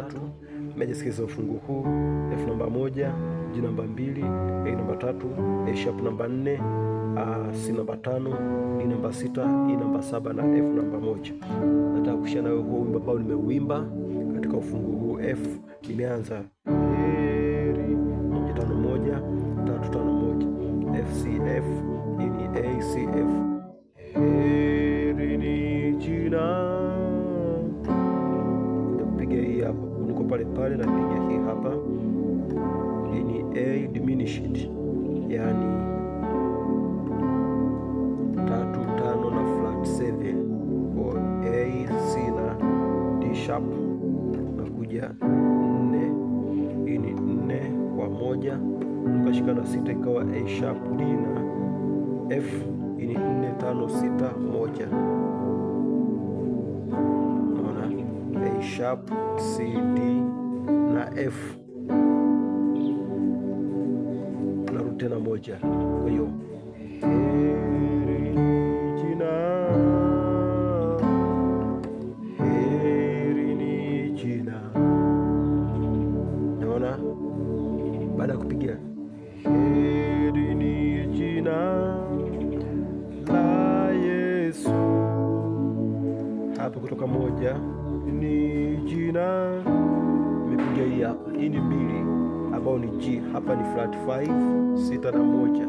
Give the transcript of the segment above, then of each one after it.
tatu mejaskesi ya ufungu huu F namba moja, G namba mbili, A namba tatu, A sharp namba nne, C namba tano, D namba sita, E namba saba na F namba moja. Nataka kushia nawe huo wimbo ambao nimeuimba katika ufungu huu F. Nimeanza moja tano moja, F C F, e A C F pale napiga hii hapa, hii ni A diminished, yaani tatu tano na flat 7 kwa A C na D sharp, nakuja nne. Hii ni nne kwa moja, nikashika na sita ikawa A sharp D na F. Hii ni nne tano sita moja sharp C D na F narudi tena moja. Kwa hiyo heri ni heri ni jina Yesu kutoka moja ni jina mbili hapa, hii ni mbili ambayo ni G, hapa ni flat 5 sita na moja,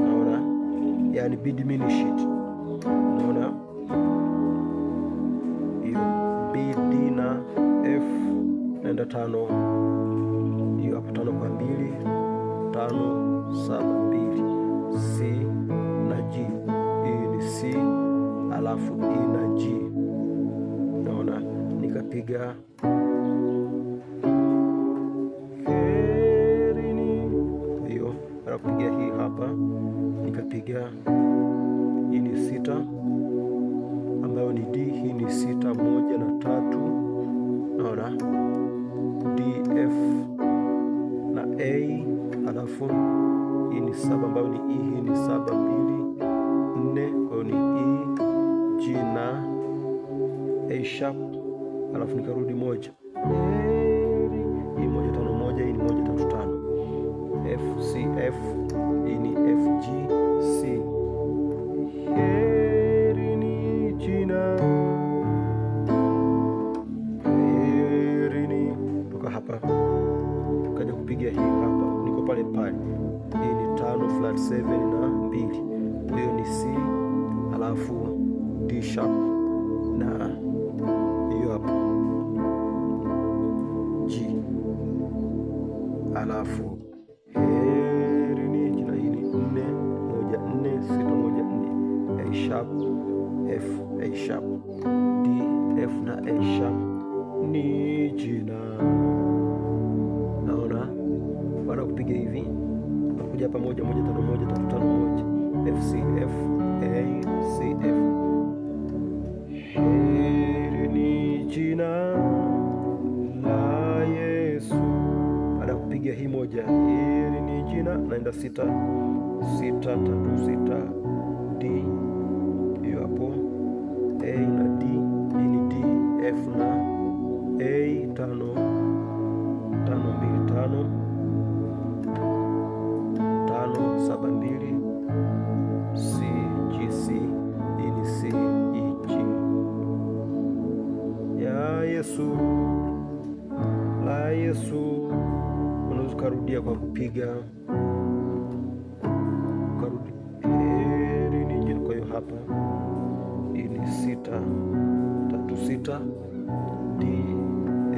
unaona yani B diminished, unaona hiyo B D na F naenda tano, hiyo hapa tano kwa mbili, tano saba mbili, C na G, hii ni C alafu E na G, unaona nikapiga kuingia. Hii ni sita ambayo ni D. Hii ni sita moja na tatu, naona D, F na A, alafu hii ni saba ambayo ni E. Hii ni saba mbili nne, kwa hiyo ni E, G na A sharp, alafu nikarudi moja hii moja tano moja, hii ni moja tatu tatu F, C, F, hii ni F, G, C. toka hapa, kaja kupiga hii hapa, niko pale pale. Hii ni tano flat 7 na mbili, hiyo ni C alafu D sharp na hiyo hapa G alafu sharp, F, A sharp, D, F na A sharp. Ni jina naona, baada kupiga hivi nakuja hapa moja moja tano moja tatu tano moja, F C F A C F. Heri ni jina la Yesu. Baada kupiga hii moja, heri ni jina, naenda sita sita tatu sita D hiyo hapo A na D, hii D, F na A, tano tano mbili tano tano saba mbili C G C, hii C E G ya Yesu la Yesu. Unaweza ukarudia kwa kupiga sita D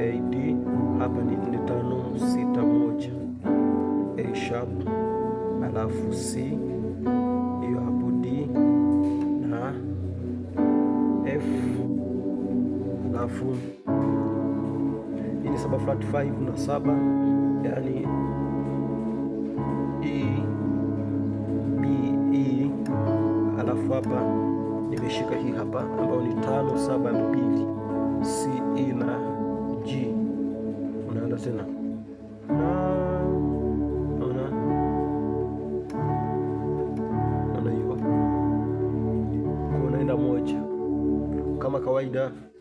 A D hapa ni nne tano sita moja A sharp alafu C hiyo hapo D na F alafu hii ni saba flat 5 na saba yani E B E alafu hapa nimeshika hii hapa ambayo ni tano saba mbili C, E na G. Unaenda tena naona hiyo, unaenda moja kama kawaida.